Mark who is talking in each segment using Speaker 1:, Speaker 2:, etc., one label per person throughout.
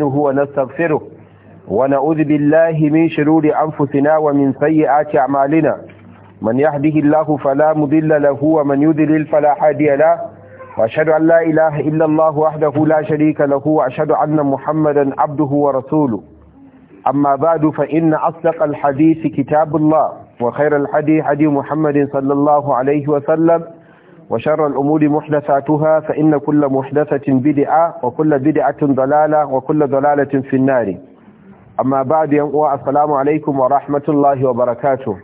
Speaker 1: نستعينه ونستغفره ونعوذ بالله من شرور أنفسنا ومن سيئات أعمالنا من يهده الله فلا مضل له ومن يضلل فلا هادي له وأشهد أن لا إله إلا الله وحده لا شريك له وأشهد أن محمدا عبده ورسوله أما بعد فإن أصدق الحديث كتاب الله وخير الحديث حديث محمد صلى الله عليه وسلم wa sharar umuri muhdasa tuha fa ina kulla muhdasatin bidi'a wa kulla bidi'atun dalala wa kulla dalalatin finnari amma ba da yan uwa asalamu alaikum wa rahmatullahi wa barakatu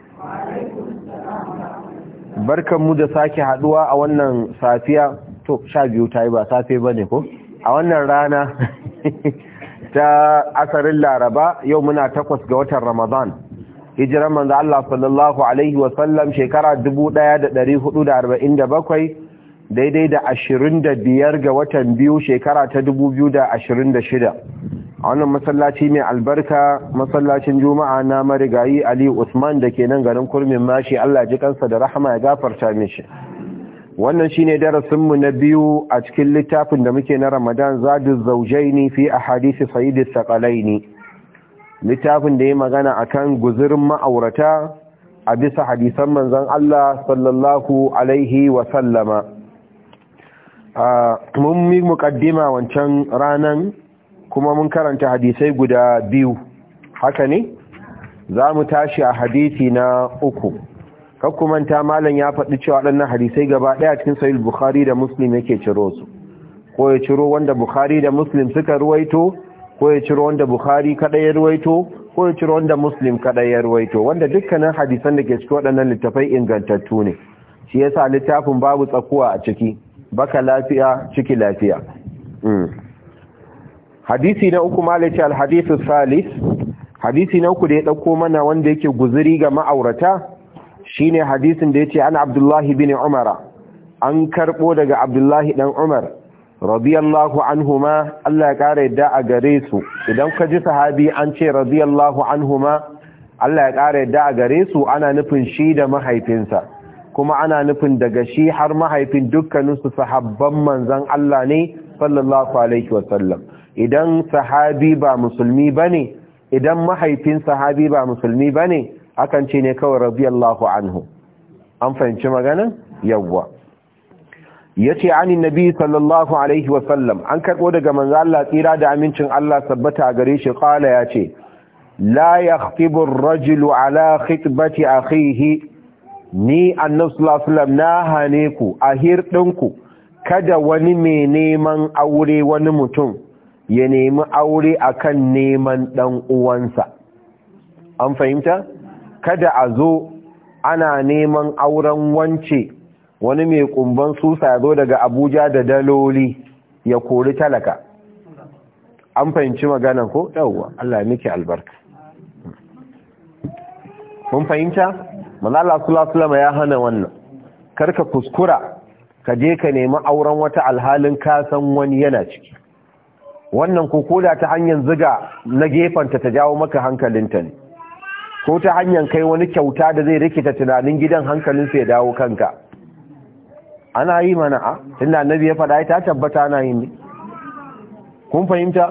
Speaker 1: barkan mu da sake haɗuwa a wannan safiya to ta wannan rana ta asarin laraba yau muna takwas ga watan ramadan hijiran manzo Allah sallallahu alaihi wa sallam shekara 1447 daidai da 25 ga watan biyu shekara ta 2026 a wannan masallaci mai albarka masallacin juma'a na marigayi Ali Usman da ke nan garin kurmin mashi Allah ji kansa da rahama ya gafarta mishi wannan shine darasinmu na biyu a cikin littafin da muke na Ramadan zadu zaujaini fi ahadisi Sakalai, ne littafin da ya magana akan guzurin ma'aurata a bisa hadisan manzan Allah sallallahu alaihi wasallama mun yi mukaddima wancan ranan kuma mun karanta hadisai guda biyu haka ne za mu tashi a hadisi na uku kakkumanta malam ya faɗi cewa waɗannan hadisai gaba ɗaya cikin sahih bukhari da muslim yake ciro su ko ya ciro wanda bukhari da muslim suka ruwaito ko ya ciro wanda bukhari kaɗai ya ruwaito ko ya ciro wanda muslim kaɗai ya ruwaito wanda dukkanin hadisan da ke cikin waɗannan littafai ingantattu ne shi yasa littafin babu tsakuwa a ciki baka lafiya ciki lafiya hmm. hadisi na uku malaci alhadisu salis hadisi na uku da ya dauko mana wanda yake guziri ga ma'aurata shine hadisin da yace ce an abdullahi bin umara an karɓo daga abdullahi ɗan umar radiyallahu anhuma Allah ya kara yadda a gare su idan ka ji sahabi an ce radiyallahu anhuma Allah ya kara yadda a gare su ana nufin shi da mahaifinsa kuma ana nufin daga shi har mahaifin dukkaninsu sahabban manzan Allah ne sallallahu alaihi wasallam idan sahabi ba musulmi bane idan mahaifin sahabi ba musulmi bane akan ce ne kawai radiyallahu anhu an fahimci maganin? yawwa yace ani nabi sallallahu alaihi wasallam an karɓo daga manzo Allah tsira da amincin Allah sabbata a gare shi ya yace la yakhtibu ar-rajulu ala khitbati akhihi ni annabi sallallahu alaihi wasallam na hane ku ahir hirɗinku kada wani mai neman aure wani mutum ya nemi aure akan neman ɗan uwansa an fahimta kada a zo ana neman auren wance wani mai kumban susa zo daga abuja da daloli ya kori talaka an fahimci magana ko ɗauwa Allah miki albarka mun fahimta manzo sulasulama ya hana wannan karka kuskura ka je ka nemi auren wata alhalin kasan san wani yana ciki wannan ko ta hanyar ziga na gefanta ta jawo maka hankalinta ne ko ta hanyar kai wani kyauta da zai rikita tunanin gidan hankalinsa ya dawo kanka ana yi mana a tunda annabi ya faɗa ta tabbata ana yi ne kun fahimta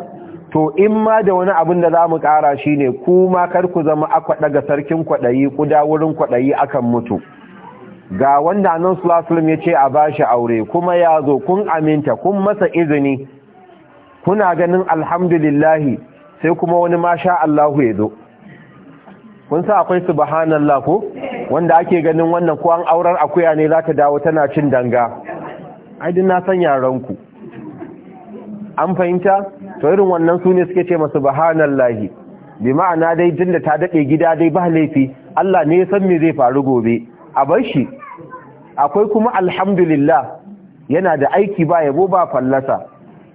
Speaker 1: to in ma da wani abin da za mu ƙara shine, ne ma kar ku zama akwa daga sarkin kwaɗayi kuda wurin kwaɗayi akan mutu ga wanda annan sulasulun ya ce a bashi aure kuma ya zo kun aminta kun masa izini kuna ganin alhamdulillahi sai kuma wani masha Allahu ya zo kun sa akwai subhanallah ko wanda ake ganin wannan ko an aurar akuya ne za ta dawo tana cin danga aidin na san yaranku an fahimta to irin wannan su ne suke ce masu bahanallahi bi ma'ana dai jin da ta daɗe gida dai ba laifi Allah ne ya san me zai faru gobe a bar shi akwai kuma alhamdulillah yana da aiki ba yabo ba fallasa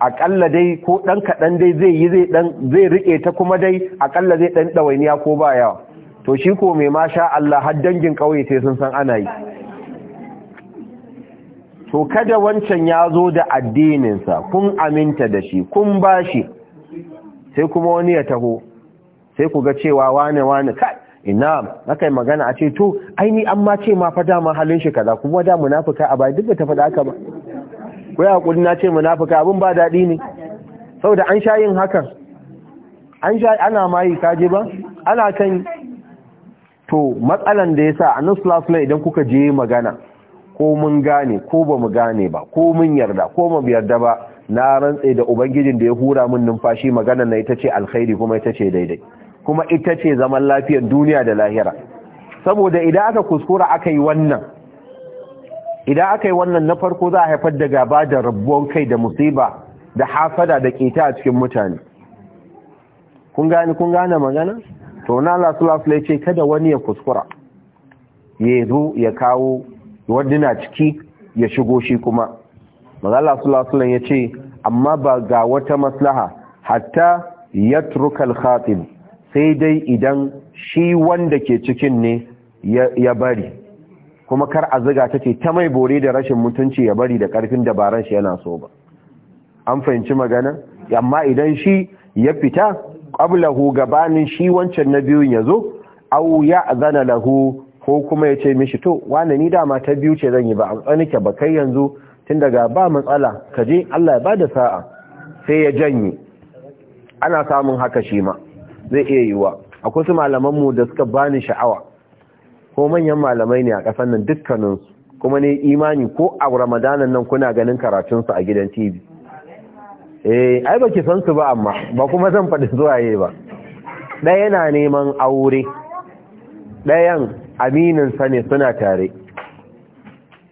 Speaker 1: akalla dai ko dan kaɗan dai zai yi zai dan zai rike ta kuma dai akalla zai dan ɗawainiya ko ba yawa to shi ko mai masha Allah har dangin ƙauye sai sun san ana yi to kada wancan ya zo da addininsa kun aminta da shi kun bashi sai kuma wani ya taho sai ku ga cewa wane wane kai ina aka yi magana a ce to aini an ma ce ma fa dama halin shi kaza kuma da munafuka a bai duk da ta faɗa ka ba ko ya kudi na ce munafuka abin ba daɗi ne saboda an sha yin hakan an sha ana mayi kaje ba ana kan to matsalan da ya sa sallallahu alaihi idan kuka je magana ko mun gane ko ba mu gane ba ko mun yarda ko mu yarda ba na rantse da ubangijin da ya hura mun numfashi magana na ita ce alkhairi kuma ita ce daidai kuma ita ce zaman lafiyar duniya da lahira saboda idan aka kuskura aka yi wannan idan aka yi wannan na farko za a haifar da gaba da rabuwan kai da musiba da hafada da keta a cikin mutane kun gane kun gane magana to na Allah sallallahu alaihi ce kada wani ya kuskura ya zo ya kawo wadina ciki ya shigo shi kuma manzo Allah sallallahu alaihi ya ce amma ba ga wata maslaha hatta yatruka al-khatib sai dai idan shi wanda ke cikin ne ya bari kuma kar a ziga ta ce ta mai bore da rashin mutunci ya bari da karfin dabaran shi yana so ba an fahimci magana amma idan shi ya fita qablahu gabanin shi wancan na biyun yazo aw ya'zana lahu ko kuma ya ce mishi to wane ni dama ta biyu ce zan yi ba a tsanike ba kai yanzu tun daga ba matsala ka je Allah ya bada sa'a sai ya janye ana samun haka shi ma zai iya yiwa akwai su malaman mu da suka bani sha'awa ko manyan malamai ne a ƙasar nan dukkaninsu kuma ne imani ko a ramadanan nan kuna ganin karatunsu a gidan TV eh ai baki san su ba amma ba kuma zan faɗi yayi ba ɗaya yana neman aure ɗayan aminin sa ne suna tare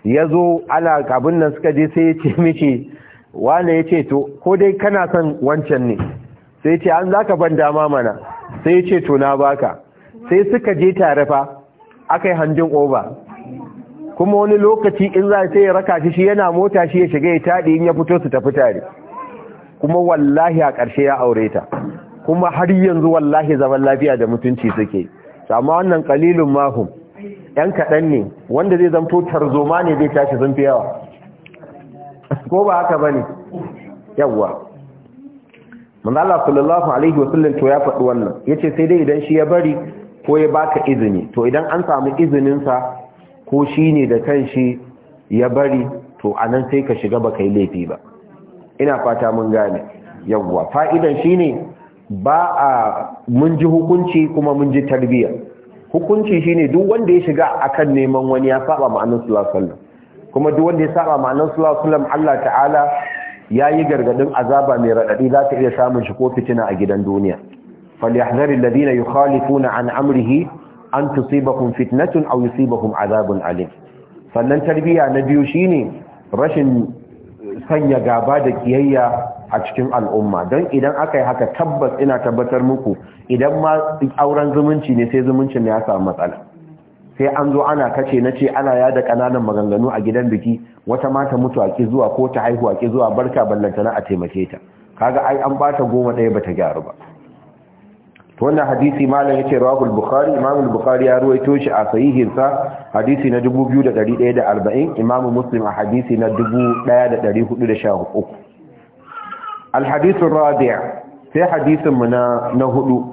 Speaker 1: yazo ala abin nan suka je sai ya ce miki wane ya to ko dai kana son wancan ne sai ce an zaka ban dama mana sai ya ce to na baka sai suka je tare fa akai yi hanjin oba kuma wani lokaci in za sai ya raka shi yana mota shi ya shiga ya taɗi in ya fito su tafi tare kuma wallahi a ƙarshe ya aure ta kuma har yanzu wallahi zaman lafiya da mutunci suke amma wannan kalilun mahu yan kaɗan ne wanda zai zamto tarzoma ne zai tashi sun fi yawa ko ba haka ba ne yawwa manzala sallallahu alaihi wasallam to ya faɗi wannan ya ce sai dai idan shi ya bari ko ya baka izini to idan an samu izininsa ko shi ne da kan shi ya bari to anan sai ka shiga ba yi laifi ba ina fata mun gane yawwa fa'idan shine ba a mun ji hukunci kuma mun ji tarbiyya hukunci shine duk wanda ya shiga akan neman wani ya saba ma annabi sallallahu alaihi wasallam kuma duk wanda ya saba ma annabi sallallahu alaihi wasallam Allah ta'ala yayi gargadin azaba mai radadi za ta iya samun shi ko fitina a gidan duniya falyahdhari alladhina yukhalifuna an amrihi an tusibakum fitnatun aw yusibakum azabun alim sannan tarbiyya na biyu shine rashin sanya gaba da kiyayya a cikin al'umma don idan aka yi haka tabbas ina tabbatar muku idan ma auren zumunci ne sai zumuncin ya samu matsala sai an zo ana kace na ce ana ya da kananan maganganu a gidan biki wata mata mutu a zuwa ko ta haihu a zuwa barka ballantana a taimake ta kaga ai an bata goma ɗaya bata gyaru ba wannan hadisi malam yace rawahu al-bukhari imam al-bukhari ya ruwaito shi a sahihin sa hadisi na 2140 imam muslim a hadisi na 1413 al-hadith ar-rabi' sai hadisin mu na na hudu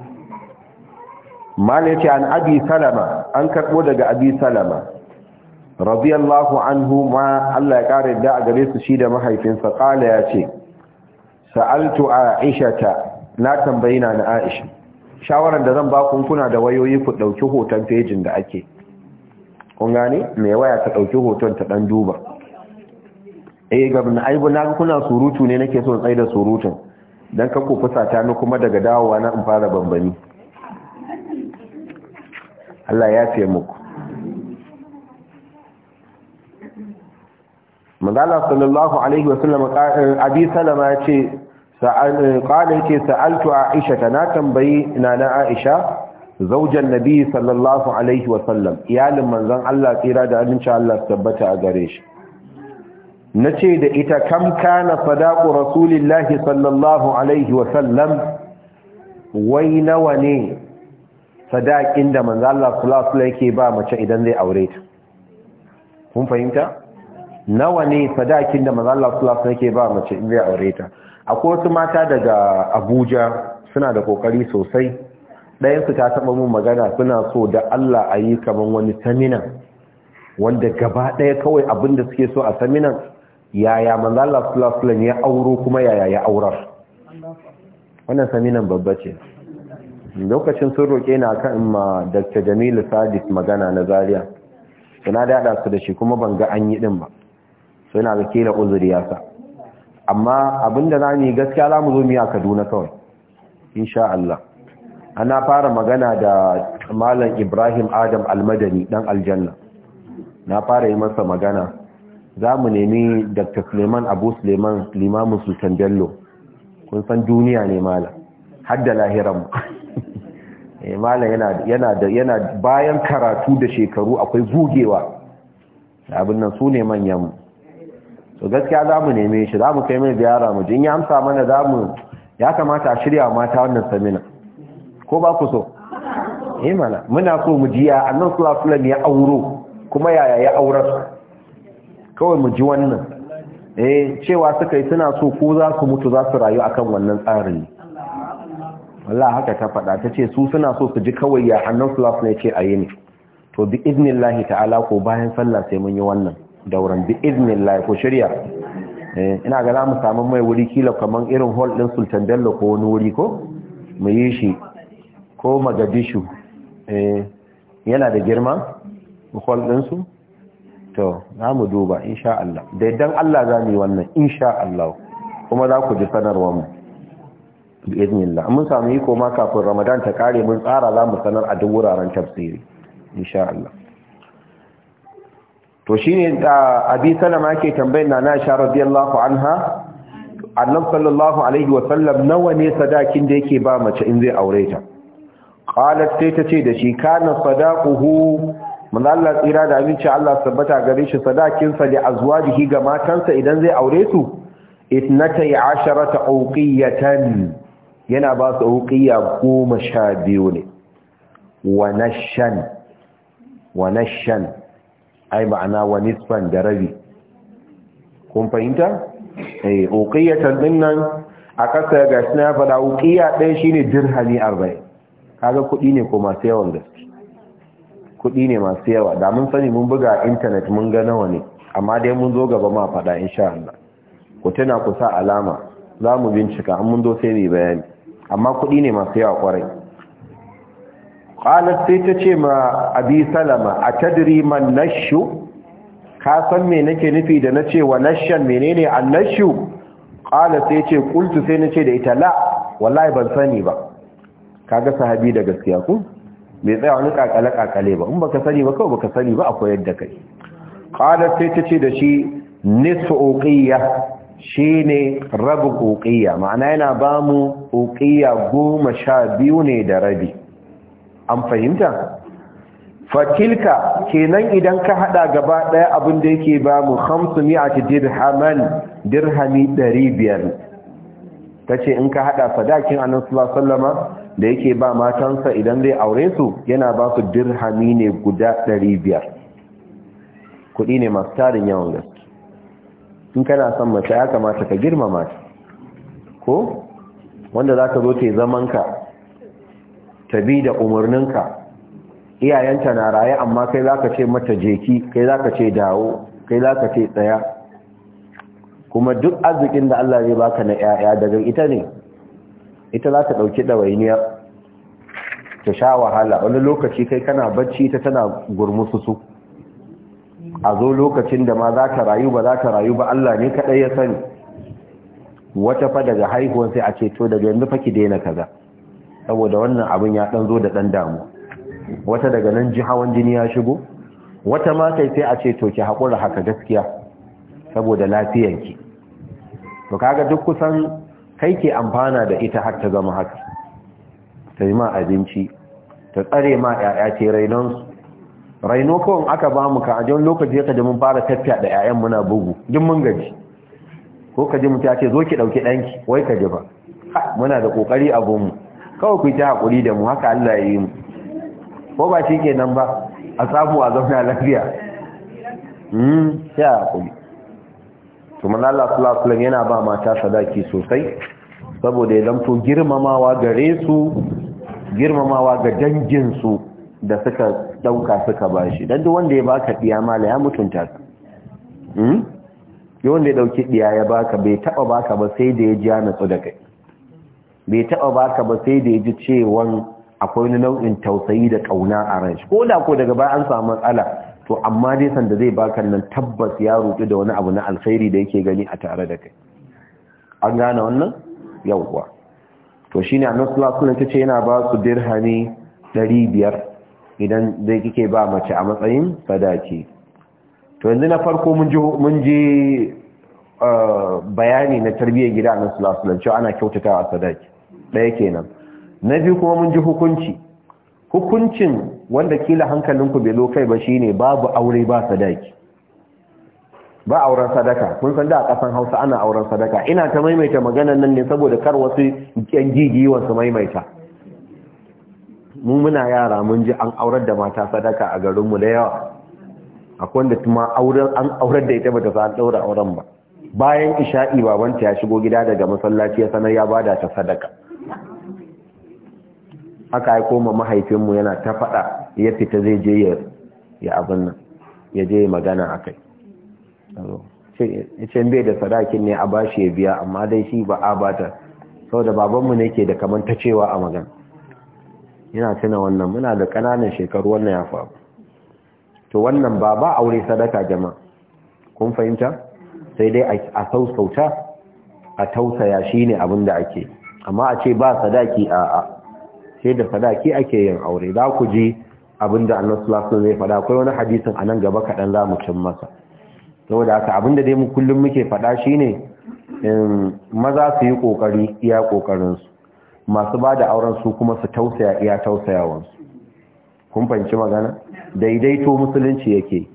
Speaker 1: malam yace an abi salama an karbo daga abi salama radiyallahu anhu ma Allah ya kare da a gare su shi da mahaifinsa kala ya ce sa'altu aisha ta na tambayina na aisha shawaran da zan ba kun kuna da wayoyi ku dauki hoton pejin da ake kun gane mai waya ta dauki hoton ta dan duba eh gabna aibu na kuna surutu ne nake so tsaida surutun dan ka ku fusata ni kuma daga dawowa na in fara bambani Allah ya fiye muku manzala sallallahu alaihi wasallam abi salama ya ce قال يتي سألت عائشة نا تنبي نانا Na زوج النبي صلى الله عليه وسلم iyalin manzon Allah tsira da aminci Allah tabbata a gare shi Na ce da ita kam kana sadaqu rasulillahi sallallahu alaihi wasallam wai nawa ne sadakin da manzon Allah sallallahu yake ba mace idan zai aure ta kun fahimta nawa ne sadakin da manzon Allah sallallahu yake ba mace idan zai aure ta akwai wasu mata daga abuja suna da kokari sosai ɗayansu ta taɓa mun magana suna so da allah a yi kamar wani saminan wanda gaba ɗaya kawai abin da suke so a saminan yaya manzala sulasulan ya auro kuma yaya ya aurar wannan samina babba ce lokacin sun roƙe na kan ma dr jamilu sadis magana na Zariya. suna daɗa su da shi kuma ban ga an yi ɗin ba suna da kila uzuri ya sa amma abinda za mu yi gaskiya za mu zo miya kaduna kawai insha Allah ana fara magana da malam ibrahim adam almadani dan aljanna na fara yi masa magana za mu nemi dr suleiman abu suleiman limamin sultan bello kun san duniya ne malam Hadda lahiranmu. Eh, malam yana bayan karatu da shekaru akwai gugewa. abin nan su ne manyan to gaskiya za mu neme shi za mu kai mai ziyara mu jin ya amsa mana za mu ya kamata a shirya mata wannan samina ko ba ku so eh mana muna so mu ji ya annan sulasulam ya auro kuma yaya ya aura su kawai mu ji wannan eh cewa suka yi suna so ko za su mutu za su rayu akan wannan tsarin Allah haka ta faɗa ta ce su suna so su ji kawai ya annan sulasulam ya ce a yi ne to bi iznillahi ta'ala ko bayan sallah sai mun yi wannan dauran bi lai ko shirya eh, ina ga za mu samu mai wuri kila kaman irin hall din sultan bello ko wani wuri ko mu yi shi ko magadishu eh, yana da girma hall din su to za mu duba insha Allah da idan Allah za mu yi wannan insha Allah kuma za ku ji sanarwar mu bi iznillah mun samu yi koma kafin Ramadan ta kare mun tsara za mu sanar a duk wuraren tafsiri insha Allah to shi da abi salama yake tambayar na aisha radiyallahu anha annan sallallahu alaihi wa nawa ne sadakin da yake ba mace in zai aure ta qalat sai ta ce da shi kana sadaquhu manzo Allah tsira da abinci Allah sabbata gare shi sadakin sa da azwajihi ga matansa idan zai aure su itnatay asharata uqiyatan yana ba su uqiya biyu ne wa nashan wa nashan ai ma'ana wa nisfan da rabi kun fahimta eh uqiyatan dinnan a kasa ga shi na fada uqiya ɗaya shine dirhami 40 kaga kuɗi ne ko masu yawan gaske kuɗi ne masu yawa da mun sani mun buga internet mun ga nawa ne amma dai mun zo gaba ma faɗa insha Allah ku tana ku sa alama zamu bincika an mun zo sai ne bayani amma kuɗi ne masu yawa kwarai qalat sai ta ce ma abi salama atadri man nashu ka san me nake nufi da nace wa nashan menene annashu qala sai ce qultu sai nace da ita la wallahi ban sani ba kaga sahabi da gaskiya ku me tsaya wani kakale kakale ba in baka sani ba kawai baka sani ba akwai yadda kai qala sai ta ce da shi nisfu uqiyya shine rabu uqiyya ma'ana yana ba mu uqiyya goma sha biyu ne da rabi an fahimta fatilka kenan idan ka hada gaba daya abin da yake ba mu 500 dirhaman dirhami 500 tace in ka hada sadakin annabi sallallahu alaihi da yake ba matansa idan zai aure su yana ba su dirhami ne guda 500 kudi ne masu tarin yawan gaske in kana son mace ya kamata ka girmama ta ko wanda zaka zo ta zaman ka ta bi da umarninka iyayenta na raye amma kai za ka ce mata jeki kai za ka ce dawo kai za ka ce tsaya kuma duk arzikin da Allah zai baka na ‘ya'ya daga ita ne ita za ta ɗauki ɗawainiya ta sha wahala wani lokaci kai kana bacci ta tana gurmusu su a zo lokacin da ma za ta rayu ba za ta rayu ba Allah ne kaɗai ya sani wata fa daga haihuwan sai a ce to daga yanzu fa ki daina kaza saboda wannan abin ya ɗan zo da ɗan damu wata daga nan ji hawan jini ya shigo wata ma kai sai a ce to ki hakura haka gaskiya saboda lafiyanki to kaga duk kusan kai ke amfana da ita har ta zama haka ta yi ma abinci ta tsare ma 'ya'ya ce su. raino kawai aka ba mu ka a jan lokaci ka ji mun fara tafiya da 'ya'yan muna bugu duk mun gaji ko ka ji mu ta ce zo ki ɗauki ɗanki wai ka ji ba muna da ƙoƙari abinmu kawai ku ta haƙuri da mu haka Allah ya yi mu ko ba shi ke nan ba a samu a zauna lafiya ya hmm, haƙuri to manzo Allah sallallahu alaihi yana ba mata sadaki sosai saboda ya zamto girmamawa gare su girmamawa ga dangin su da suka ɗauka suka bashi dan duk wanda ya baka diya mala ya mutunta ka hmm wanda ya dauki diya ya baka bai taɓa baka ba sai da ya ji ya natsu da kai bai taɓa baka ba sai da ya ji cewan akwai wani nau'in tausayi da ƙauna a ran shi ko da ko daga baya an samu matsala to amma dai sanda zai baka nan tabbas ya rutu da wani abu na alkhairi da yake gani a tare da kai an gane wannan yawwa to shine annabi sallallahu alaihi wasallam yana ba su dirhami 500 idan zai kike ba mace a matsayin sadaki to yanzu na farko mun ji eh, bayani na tarbiyyar gida annabi sallallahu alaihi wasallam cewa ana kyautatawa sadaki ɗaya kenan na biyu kuma mun ji hukunci hukuncin wanda kila hankalinku bai kai ba shine babu aure ba sadaki ba auren sadaka kun san da a kasan Hausa ana auren sadaka ina ta maimaita maganar nan ne saboda kar wasu yan gigiwan su maimaita mu muna yara mun ji an aurar da mata sadaka a garinmu da yawa akwai wanda kuma an aurar da ita bata sa an daura auren ba bayan isha'i babanta ya shigo gida daga masallaci ya sanar ya bada ta sadaka haka ya koma mahaifinmu yana ta faɗa ya fita zai je ya abin nan ya je magana a kai ce bai da sadakin ne a bashi ya biya amma dai shi ba a bata sau da babanmu ne ke da kamar ta cewa a magana yana tuna wannan muna da ƙananan shekaru wannan ya faru to wannan ba ba aure sadaka jama kun fahimta sai dai a sausauta a tausaya shi ne abin da ake amma a ce ba sadaki a sai da sadaki ake yin aure za ku ji abin da annan sulasun zai fada akwai wani hadisin a nan gaba kaɗan za mu cin masa saboda aka abin da dai mu kullum muke fada shi ne maza su yi ƙoƙari iya ƙoƙarinsu masu ba da auren su kuma su tausaya iya tausayawansu kun fahimci magana daidaito musulunci yake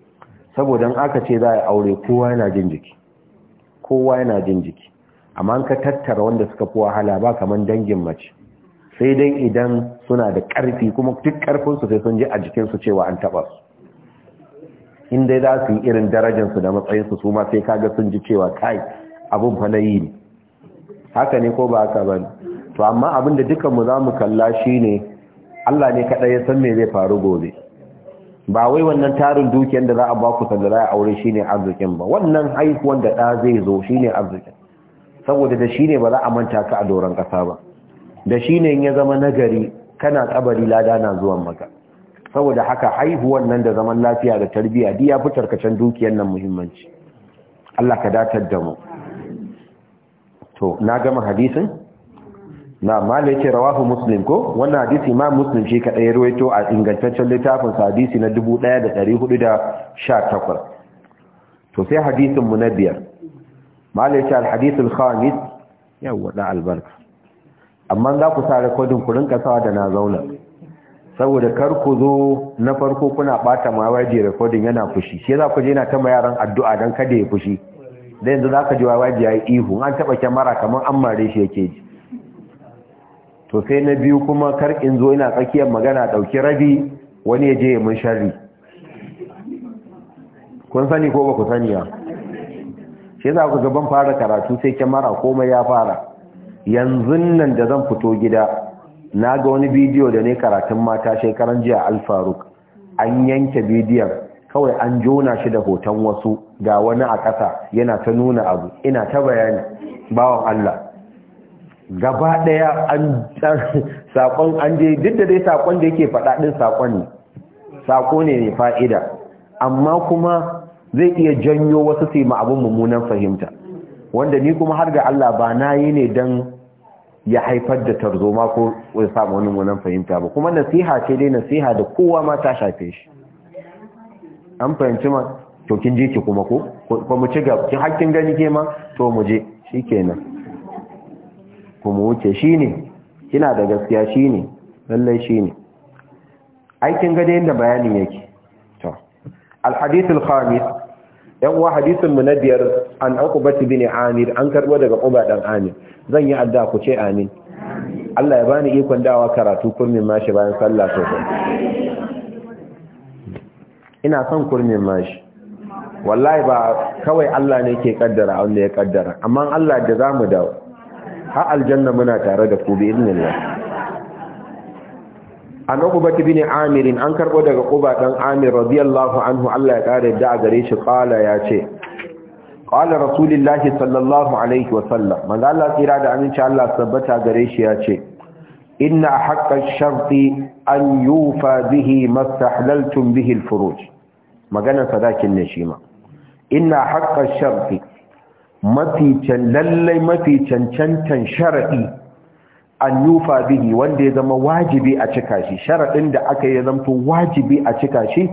Speaker 1: saboda aka ce za a aure kowa yana jin jiki kowa yana jin jiki amma ka tattara wanda suka fi wahala ba kaman dangin mace sai dai idan suna da karfi kuma duk ƙarfinsu sai sun ji a jikinsu cewa an taɓa su in dai za su yi irin su da matsayin su ma sai kaga sun ji cewa kai abin fa yi ne haka ne ko ba haka ba to amma abin da dukanmu za mu kalla shine Allah ne kaɗai ya san me zai faru gobe ba wai wannan tarin dukiyar da za a baku sanda za a aure shi ne arzikin ba wannan haihuwan da ɗa zai zo shi ne arzikin saboda da shi ne ba za a manta ka a doron ƙasa ba da shi ne ya zama nagari kana ƙabari lada na zuwan maka saboda haka haihuwan nan da zaman lafiya da tarbiyya duk ya fi tarkacen dukiyar nan muhimmanci Allah ka datar da mu to na gama hadisin na malai ce rawahu muslim ko wannan hadisi ma muslim shi kadai ya ruwaito a ingantaccen littafin hadisi na 1418 to sai hadisin mu na biyar malai ce alhadisul khamis Yau da albarka amma za ku sa rikodin ku rinka sawa da na zauna saboda kar ku zo na farko kuna ɓata ma waje rikodin yana fushi shi za ku je yana tama yaran addu'a don kada ya fushi da yanzu za ka ji waje ya yi ihu an taɓa kyamara kamar an mare shi yake ji to sai na biyu kuma kar in zo ina tsakiyar magana ɗauki rabi wani ya je mun sharri kun sani ko ba ku sani ya shi za ku gaban fara karatu sai kyamara komai ya fara yanzu nan da zan fito gida na ga wani bidiyo da ne karatun mata shekaran jiya alfaruk an yanke bidiyon kawai an jona shi da hoton wasu ga wani a ƙasa yana ta nuna abu ina ta bayani bawan Allah gaba ɗaya an sakon an je duk da dai sakon da yake faɗa din sakon ne sako ne mai fa'ida amma kuma zai iya janyo wasu su ma abin mummunan fahimta wanda ni kuma har ga Allah ba na yi ne dan ya haifar da tarzoma ko ya samu wani mummunan fahimta ba kuma nasiha ce dai nasiha da kowa ma ta shafe shi an fahimci ma to kin je ki kuma ko ko mu ci gaba kin hakkin gani ke ma to mu je shikenan kuma wuce shi ne kina da gaskiya shi ne lallai shi ne aikin gada yadda bayanin yake to alhadithul khamis yan uwa hadithun mu na biyar an uqbati bin amir an karbo daga quba dan amir zan yi adda ku ce amin Allah ya bani ikon dawa karatu kurmin mashi bayan sallah sosai ina son kurmin mashi wallahi ba kawai Allah ne ke kaddara wanda ya kaddara amma Allah da zamu dawo har aljanna muna tare da ku bi idnillah an uba bin amir an karbo daga uba dan amir radiyallahu anhu Allah ya kare da gare shi qala ya ce qala rasulullahi sallallahu alaihi wa sallam manzo Allah tsira da aminci Allah sabbata gare shi ya ce inna haqqa sharti an yufa bihi mastahlaltum bihi al-furuj magana sadakin ne shi ma inna haqqa sharti mafi can lallai mafi cancantan sharadi an yufa bihi wanda ya zama wajibi a cika shi sharadin da aka yi zamto wajibi a cika shi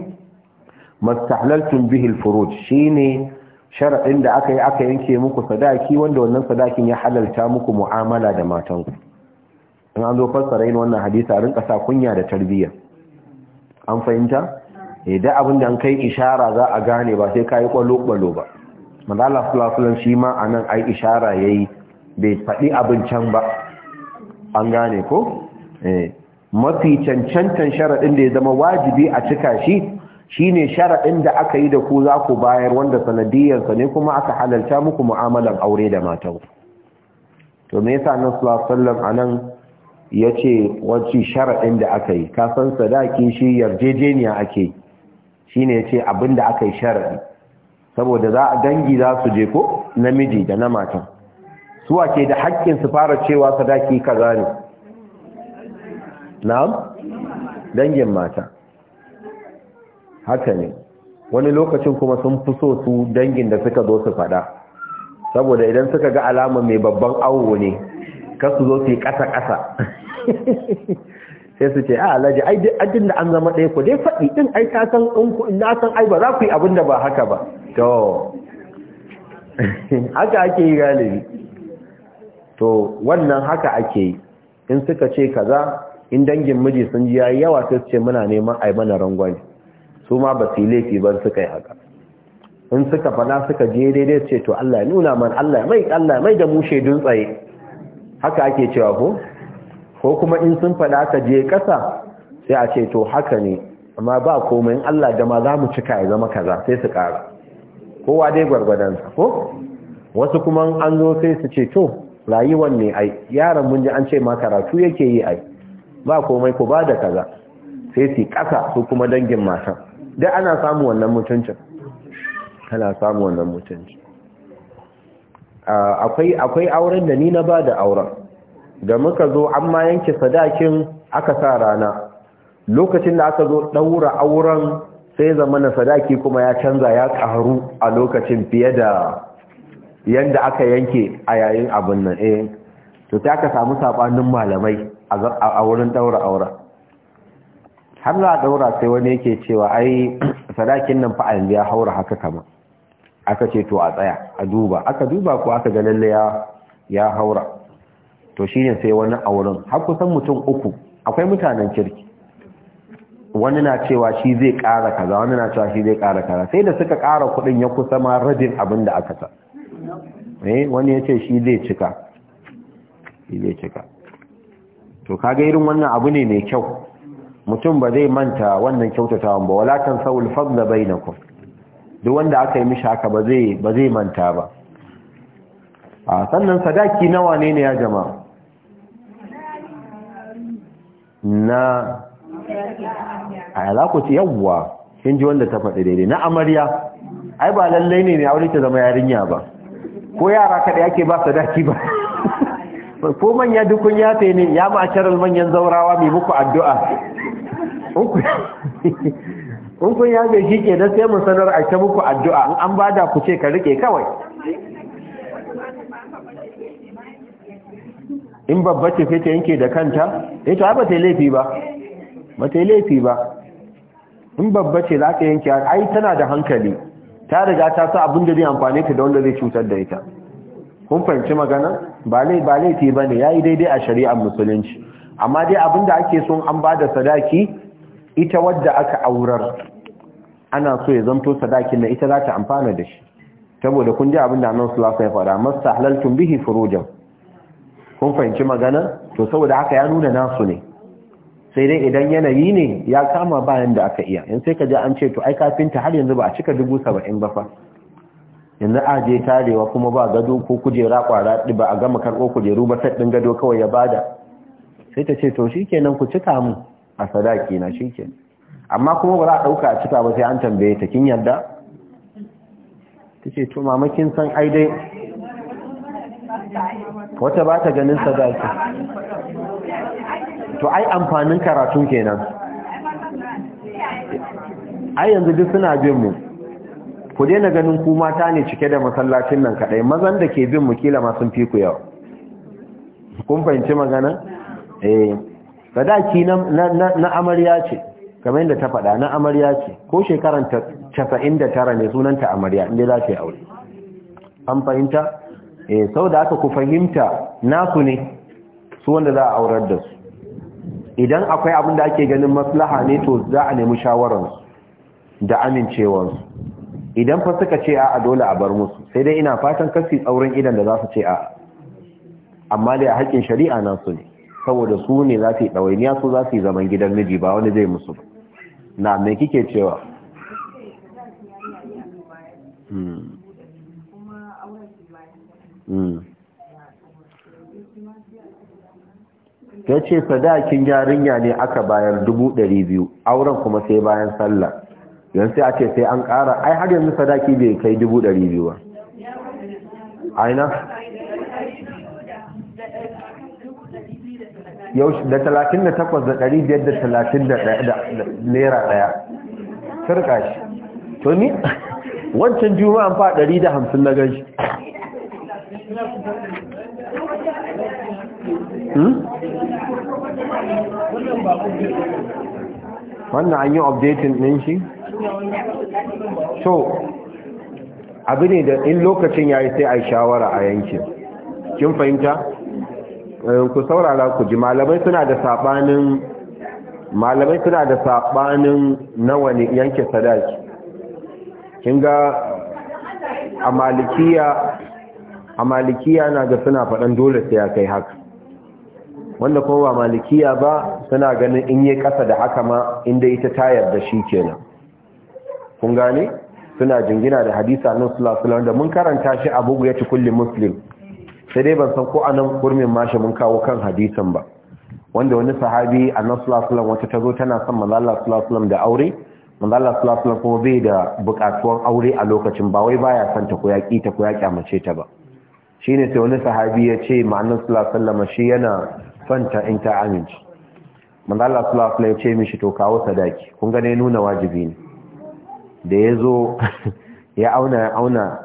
Speaker 1: mastahlaltum bihi alfuruj shine sharadin da aka yi aka yanke muku sadaki wanda wannan sadakin ya halalta muku mu'amala da matanku in an zo fassara yin wannan hadisi a rinka sa kunya da tarbiyya an fahimta idan eh, abin da an kai ishara za a gane ba sai kai kwalo kwalo ba manzala sulafulan shi ma a nan ai ishara ya yi bai faɗi abincan ba an gane ko? Eh. mafi cancantan sharaɗin da ya zama wajibi a cika shi shi ne sharaɗin da aka yi da ku za ku bayar wanda sanadiyyarsa ne kuma aka halarta muku mu'amalan aure da matan to me yasa nan sallallahu a nan ya ce wacce sharaɗin da aka yi kasan sadaki shi yarjejeniya ake shi ne ya ce abin da aka yi sharaɗi saboda za dangi za su je ko namiji da na matan suwa ke da hakkin su fara cewa sadaki kaza ne na'am dangin mata haka ne wani lokacin kuma sun fi so su dangin da suka zo su fada saboda idan suka ga alama mai babban awo ne su zo su yi ƙasa-ƙasa sai su ce a ah, alaji ajin da an zama ɗaya ku dai faɗi ɗin ai ta na san ai ba za ku yi abin da ba haka ba to haka ake yi galibi to wannan haka ake yi in suka ce kaza in dangin miji sun ji yayi yawa sai su ce muna neman ai mana rangwani su ma ba su laifi ba suka yi haka in suka fada suka je daidai ce to Allah ya nuna man Allah mai Allah mai da mushe dun tsaye haka ake cewa ko ko kuma in sun fada ka je kasa sai a ce to haka ne amma ba komai in Allah da ma za mu cika ya zama kaza sai su kara kowa dai gwargwadonsa ko wasu kuma an zo sai su ce to rayuwar ne ai yaran mun ji an ce ma karatu yake yi ai ba komai ko ba da kaza sai su kasa su kuma dangin matan duk ana samu wannan mutuncin ana samu wannan mutuncin akwai akwai auren da ni na ba da auren da muka zo an ma yanke sadakin aka sa rana lokacin da aka zo daura auren sai zamana sadaki kuma ya canza ya karu a lokacin fiye da yadda aka yanke a yayin abin nan eh to sai aka samu sabanin malamai a wurin daura aura har za a daura sai wani yake cewa ai sadakin nan fa ya haura haka kama aka ce to a tsaya a duba aka duba ko aka ga lalle ya haura to shi ne sai wani wurin. har kusan mutum uku akwai mutanen kirki wani na cewa shi zai ƙara kaza wani na cewa shi zai ƙara kaza sai da suka ƙara kuɗin ya kusa ma rabin abin da aka ta eh wani ya ce shi zai cika shi zai cika to kaga irin wannan abu ne mai kyau mutum ba zai manta wannan kyautatawan ba wala kan sawul fadla bainakum duk wanda aka yi mishi haka ba zai ba zai manta ba a sannan sadaki nawa ne ne ya jama'a na a za ku ci yawwa kin ji wanda ta faɗi daidai na amarya ai ba lallai ne ne aure ta zama yarinya ba ko yara kaɗai ake ba sadaki ba ko manya dukun ya ta ne ya ma'asharar manyan zaurawa mai muku addu'a in kun ya ga shi ke da sai mu sanar a ta muku addu'a in an bada ku ce ka rike kawai in babba ce fita yanke da kanta eh, ita ba ta laifi ba ba ta laifi ba in babba ce za ka yanke ai tana da hankali ta riga ta sa abin da zai amfane ta da wanda zai cutar da ita kun fahimci magana ba laifi ba ne ya yi daidai a shari'ar musulunci amma dai abin da ake son an ba da sadaki ita wadda aka aurar ana so ya zanto sadaki na ita za ta amfana da shi saboda kun ji abin da annan su ya faɗa masta halaltun bihi furujan kun fahimci magana to saboda haka ya nuna nasu ne sai dai idan yanayi ne ya kama bayan da aka iya yanzu sai ka ji an ce to ai kafinta har yanzu ba a cika dubu saba'in ba fa yanzu a je tarewa kuma ba gado ko kujera kwara ba a gama karɓo kujeru ba sai ɗin gado kawai ya bada sai ta ce to shikenan ku cika mu a sadaki na shikenan amma kuma ba za a ɗauka a cika ba sai an tambaye ta kin yarda ta ce to mamakin san ai dai
Speaker 2: wata ba ta ganin sadaki to ai amfanin karatun kenan ai
Speaker 1: yanzu duk suna bin mu ku daina ganin ku mata ne cike da masallacin nan kadai mazan da ke bin mu kila ma sun fi ku yau kun fahimci magana eh sadaki na na amarya ce kamar yadda ta faɗa na amarya ce ko shekaran ta 99 ne sunanta amarya inda za ta yi aure an fahimta eh sau da aka ku fahimta nasu ne su wanda za a aurar da su idan akwai abin da ake ganin maslaha ne to za a nemi shawararsu da amincewarsu idan fa suka ce a'a dole a bar musu sai dai ina fatan kasi tsaurin idan da za su ce a'a amma dai a haƙƙin shari'a na su ne saboda su ne za su yi ɗawainiya su za su yi zaman gidan miji ba wani zai musu ba na mai kike cewa hmm. Hmm. ya ce sadakin yarinya ne aka bayar dubu ɗari biyu auren kuma sai bayan sallah yanzu sai a ce sai an ƙara ai har yanzu sadaki bai kai dubu ɗari biyu ba aina
Speaker 2: yau da talatin da takwas da ɗari biyar da talatin da
Speaker 1: naira ɗaya sarƙa shi to ni wancan juma'an fa ɗari da hamsin na gan shi
Speaker 2: wannan an yi updating ɗin shi so
Speaker 1: abu ne da in lokacin ya yi sai a shawara a yankin kin fahimta eh, ku saurara ku ji malamai suna da sabanin malamai suna da sabanin nawa ne yanke sadaki kin ga a malikiya na ga suna faɗan dole sai ya kai haka wanda kuma ba malikiya ba suna ganin in yi kasa da haka ma inda ita tayar da shi kenan kun gane suna jingina da hadisa nan sulasulan da mun karanta shi abu ya ci kulli muslim sai dai ban san ko anan nan kurmin mashi mun kawo kan hadisan ba wanda wani sahabi a nan sulasulan wata ta zo tana son mazala sulasulan da aure mazala sulasulan kuma bai da bukatuwan aure a lokacin ba wai baya son ta ko ta ko a kyamace ta ba shine sai wani sahabi ya ce ma'anar sulasulan shi yana santa in ta amince manzo Allah sallallahu alaihi wasallam ya ce mishi to kawo sadaki kun ga ne nuna wajibi ne da yazo ya auna ya auna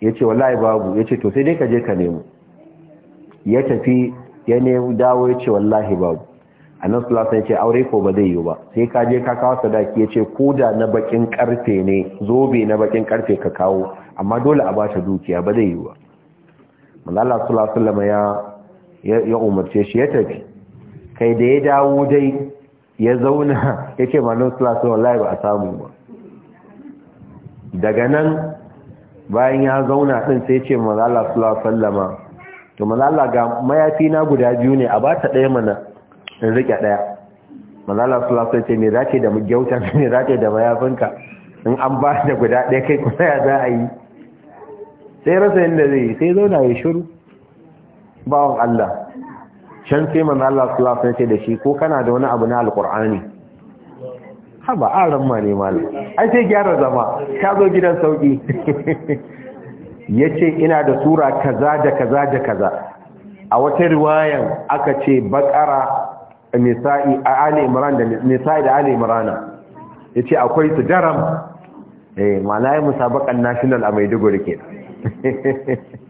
Speaker 1: yace wallahi babu yace to sai dai ka je ka nemo ya tafi ya nemo dawo yace wallahi babu annabi sallallahu alaihi wasallam ya ce aure ko ba zai yi ba sai ka je ka kawo sadaki yace koda na bakin karfe ne zobe na bakin karfe ka kawo amma dole a bata dukiya ba zai yi ba manzo Allah sallallahu alaihi wasallam ya ya umarce shi ya tafi kai da ya dawo dai ya zauna ya ce manon slash wallahi ba a samu ba daga nan bayan ya zauna ɗin sai ce zala slash sallama to mazala ga mayafi na guda biyu ne a ba ta ɗaya mana in rike ɗaya mazala slash sai ce me za da gyauta me za da mayafinka in an ba da guda ɗaya kai kuma ya za a yi sai rasa yadda zai yi sai zauna ya shiru bawan Allah can sai manzo Allah sallallahu alaihi wasallam da shi ko kana da wani abu na alqur'ani haba aran ma ne mallam ai sai gyara zama ka zo gidan sauki yace ina da sura kaza da kaza da kaza a wata riwayan aka ce baqara nisa'i ali imran da nisa'i da ali imran yace akwai su daram eh malai musabakan national a Maiduguri kenan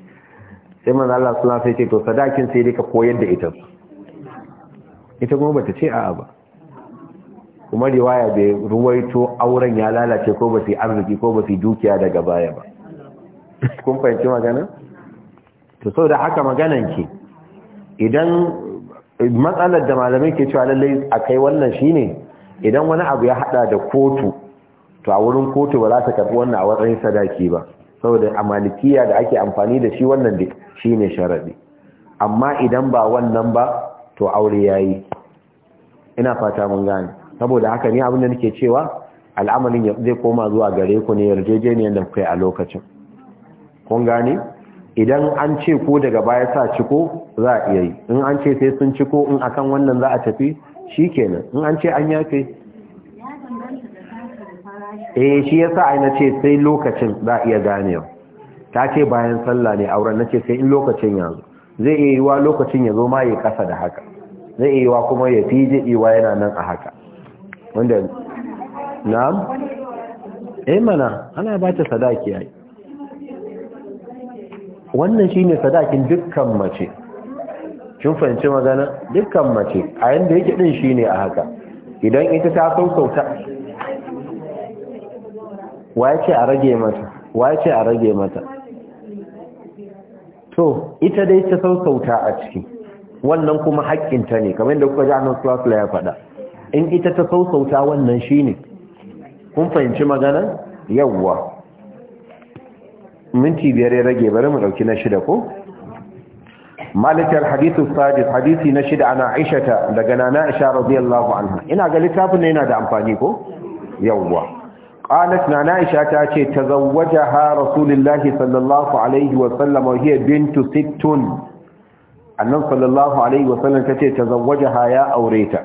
Speaker 1: sai manzo Allah sallallahu alaihi sai ce to sadakin sai dai ka koyar da ita ita kuma bata ce a'a ba kuma riwaya bai ruwaito auren ya lalace ko ba su arziki ko ba su dukiya daga baya ba kun fahimci magana? to sau da haka maganan ke idan matsalar da malamai ke cewa lallai a kai wannan shine idan wani abu ya hada da kotu to a wurin kotu ba za ta karbi wannan a matsayin sadaki ba saboda a malikiya da ake amfani da shi wannan duk ne sharaɗi. amma idan ba wannan ba to aure ya yi. ina fata mun gane saboda haka ne abinda nake cewa al'amarin zai koma zuwa gare ku ne yarjejeniyar da kai kai a lokacin kun gane idan an ce ko daga baya sa ciko za a iya yi in an ce sai sun ciko in akan wannan za a tafi shi kenan. in an ce an yafe eh shi yasa ai nace sai lokacin za iya ganewa ta ce bayan sallah ne auren nace sai in lokacin yanzu zai iya yiwa lokacin ya zo ma ya kasa da haka zai iya yiwa kuma ya fi jiwa yana nan a haka wanda na'am eh mana ana ba ta sadaki ai wannan shine sadakin dukkan mace kin fahimci magana dukkan mace a yanda yake din shine a haka idan ita ta sautauta.
Speaker 2: wa a rage mata wace ce a rage mata
Speaker 1: to ita dai ta sausauta a ciki wannan kuma haƙƙinta ne kamar yadda kuka ji annabi sallallahu ya faɗa in ita ta sausauta wannan shine kun fahimci magana yawwa minti biyar ya rage bari mu dauki na shida ko مالك الحديث السادس حديثي نشد عن عائشة لقنا نائشة رضي الله عنها انا قال لتابنا هنا دا أمفانيكو يوه qalat na aisha ta ce tazawwajaha rasulullahi sallallahu alaihi wa sallam wa bintu sittun annan sallallahu alaihi wa sallam tace tazawwajaha ya aureta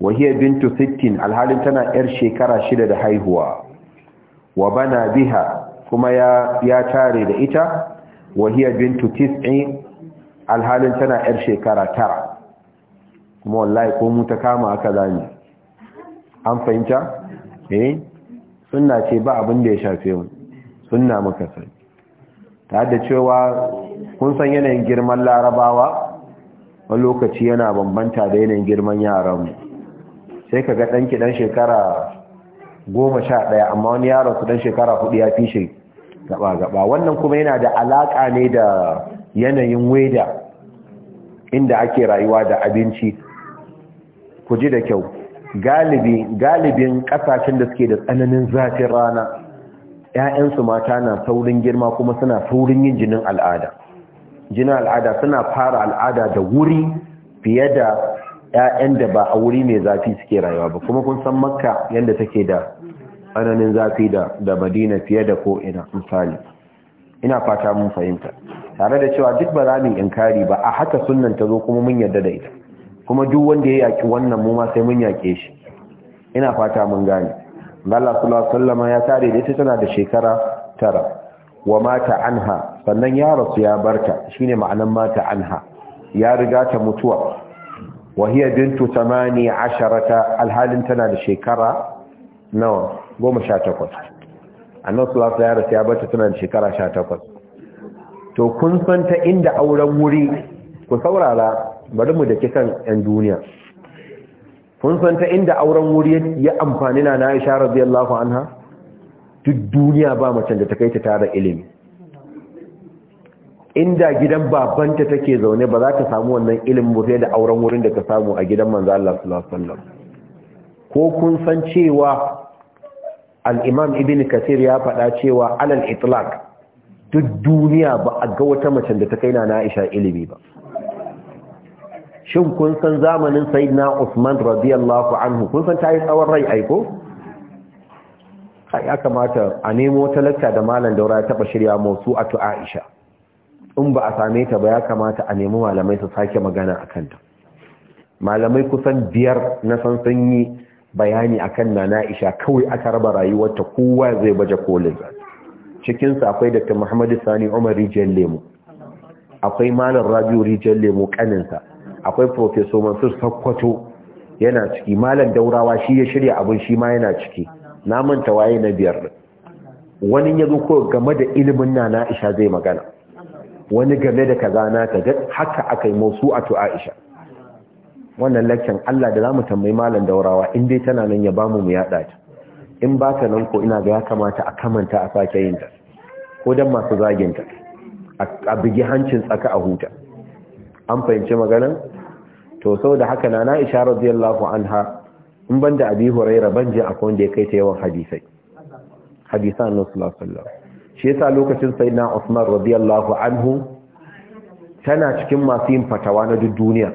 Speaker 1: wa hiya bintu sittin alhalin tana yar shekara shida da haihuwa wa bana biha kuma ya ya tare da ita wa bintu tis'in alhalin tana yar shekara tara kuma wallahi ko ta kama aka zani an fahimta sunna ce ba abin da ya shafe mu sunna muka sani ta da cewa kun san yanayin girman larabawa wani lokaci yana bambanta da yanayin girman yaranmu sai ka ga ɗanki ɗan shekara goma sha ɗaya amma wani yaron su ɗan shekara hudu ya fi shi gaba-gaba wannan kuma yana da alaƙa ne da yanayin weda inda ake rayuwa da abinci ku ji da kyau galibi galibin kasashen da suke da tsananin zafin rana ‘ya'yansu mata na saurin girma kuma suna saurin yin jinin al'ada jinin al'ada suna fara al'ada da wuri fiye da ‘ya'yan da ba a wuri mai zafi suke rayuwa ba kuma kun san makka yadda take da tsananin zafi da madina fiye da ko'ina misali ina fata mun fahimta tare da cewa duk ba za mu inkari ba a haka sunan ta zo kuma mun yarda da ita kuma duk wanda ya yaki wannan mu ma sai mun yake shi ina fata mun gane Allah sallallahu alaihi ya tare da ita tana da shekara tara wa mata anha sannan ya rasu ya barta shine ma'anan mata anha ya riga ta mutuwa wa hiya bintu 18 alhalin tana da shekara nawa 18 annabi sallallahu alaihi wasallam ya barta tana da shekara 18 to kun san ta inda auren wuri ku saurara bari mu da kan 'yan duniya kun san ta inda auren wuri ya amfani na na isha radiyallahu anha duk duniya ba macen da ta kai ta tara ilimi inda gidan babanta take zaune ba za ta samu wannan ilimin ba sai da auren wurin da ta samu a gidan manzo Allah sallallahu alaihi wasallam ko kun san cewa al-Imam Ibn Kathir ya faɗa cewa alal itlaq duk duniya ba a ga wata macen da ta kai na Aisha ilimi ba shin kun san zamanin sayyidina Usman radiyallahu anhu kun san tayi tsawon rai aiko aka mata a nemo ta lacca da malam daura ta taba shirya motsu a Aisha in ba a same ta ba ya kamata a nemi malamai su sake magana akan ta malamai kusan biyar na san sun yi bayani akan nana Aisha kawai aka raba rayuwar ta kowa zai baje kolin cikin sa akwai Dr. Muhammad Sani Umar Rijal Lemo akwai malam Rabiu Rijal Lemo kaninsa akwai profeso mansur sakkwato yana ciki malam daurawa shi ya shirya abin shi ma yana ciki na manta na biyar wani ya ko game da ilimin na na zai magana wani game da kaza na ta haka aka yi a to aisha wannan lakcin Allah da zamu tambayi malam daurawa in dai tana nan ya bamu mu yada ta in ba ta nan ko ina ga ya kamata a kamanta a sake yin ta ko dan masu zagin ta a bugi hancin tsaka a huta an fahimci magana? to da haka na na isha radiyallahu anha in ban da abi huraira ban je akwai wanda ya kai ta yawan hadisai hadisa na sallallahu alaihi shi yasa lokacin sayyidina Usman radiyallahu anhu tana cikin masu yin fatawa na duk duniya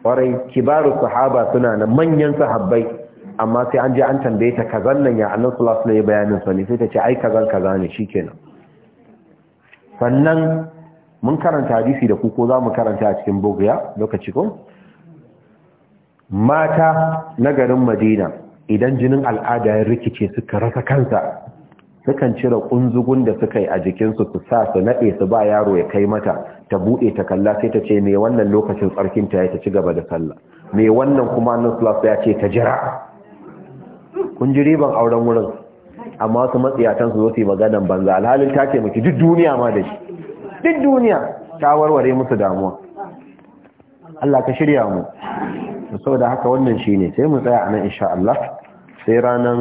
Speaker 1: kwarai kibaru sahaba suna na manyan sahabbai amma sai an je an tambaye ta kazan nan ya annabi sallallahu alaihi bayanin sa sai ta ce ai kazan kaza ne shikenan sannan mun karanta hadisi da ku ko za mu karanta a cikin ya lokaci ko mata na garin madina idan jinin al'ada ya rikice suka rasa kansa sukan cire kunzugun da suka yi a jikinsu su sa su naɗe su ba yaro ya kai mata ta buɗe ta kalla sai ta ce mai wannan lokacin ta ya ta ci gaba da sallah mai wannan kuma nusulasa ya ce ta jira kun ji riban auren wurin amma su matsiyatan su zo su yi maganan banza alhalin ta ce taimaki duk duniya ma da shi duk duniya ta warware musu damuwa Allah ka shirya mu saboda haka wannan shine sai mu tsaya anan insha Allah sai ranan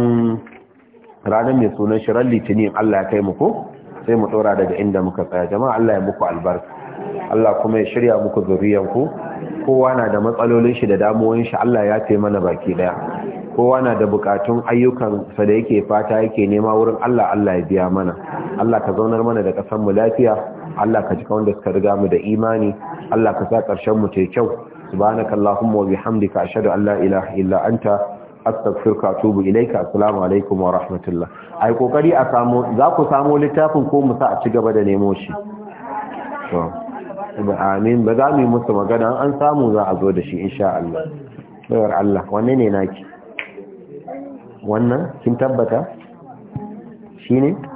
Speaker 1: ranan mai sunan shirar litinin Allah ya kai mu ko sai mu dora daga inda muka tsaya jama'a Allah ya muku albarka Allah kuma ya shirya muku zuriyanku kowa na da matsalolin shi da damuwoyin shi Allah ya ce mana baki daya kowa na da bukatun ayyukan sa da yake fata yake nema wurin Allah Allah ya biya mana Allah ka zaunar mana da kasan mu lafiya Allah ka cika wanda suka riga mu da imani Allah ka sa ƙarshen mu ce kyau subhanakallahumma wa bihamdika ashhadu an la ilaha illa anta astaghfiruka atubu ilaika assalamu alaikum wa rahmatullah ai kokari a samu za ku samu littafin ko mu sa a ci gaba da nemo shi to amin ba za mu musu magana an samu za a zo da shi insha Allah bayar Allah wanne ne naki wannan kin tabbata shine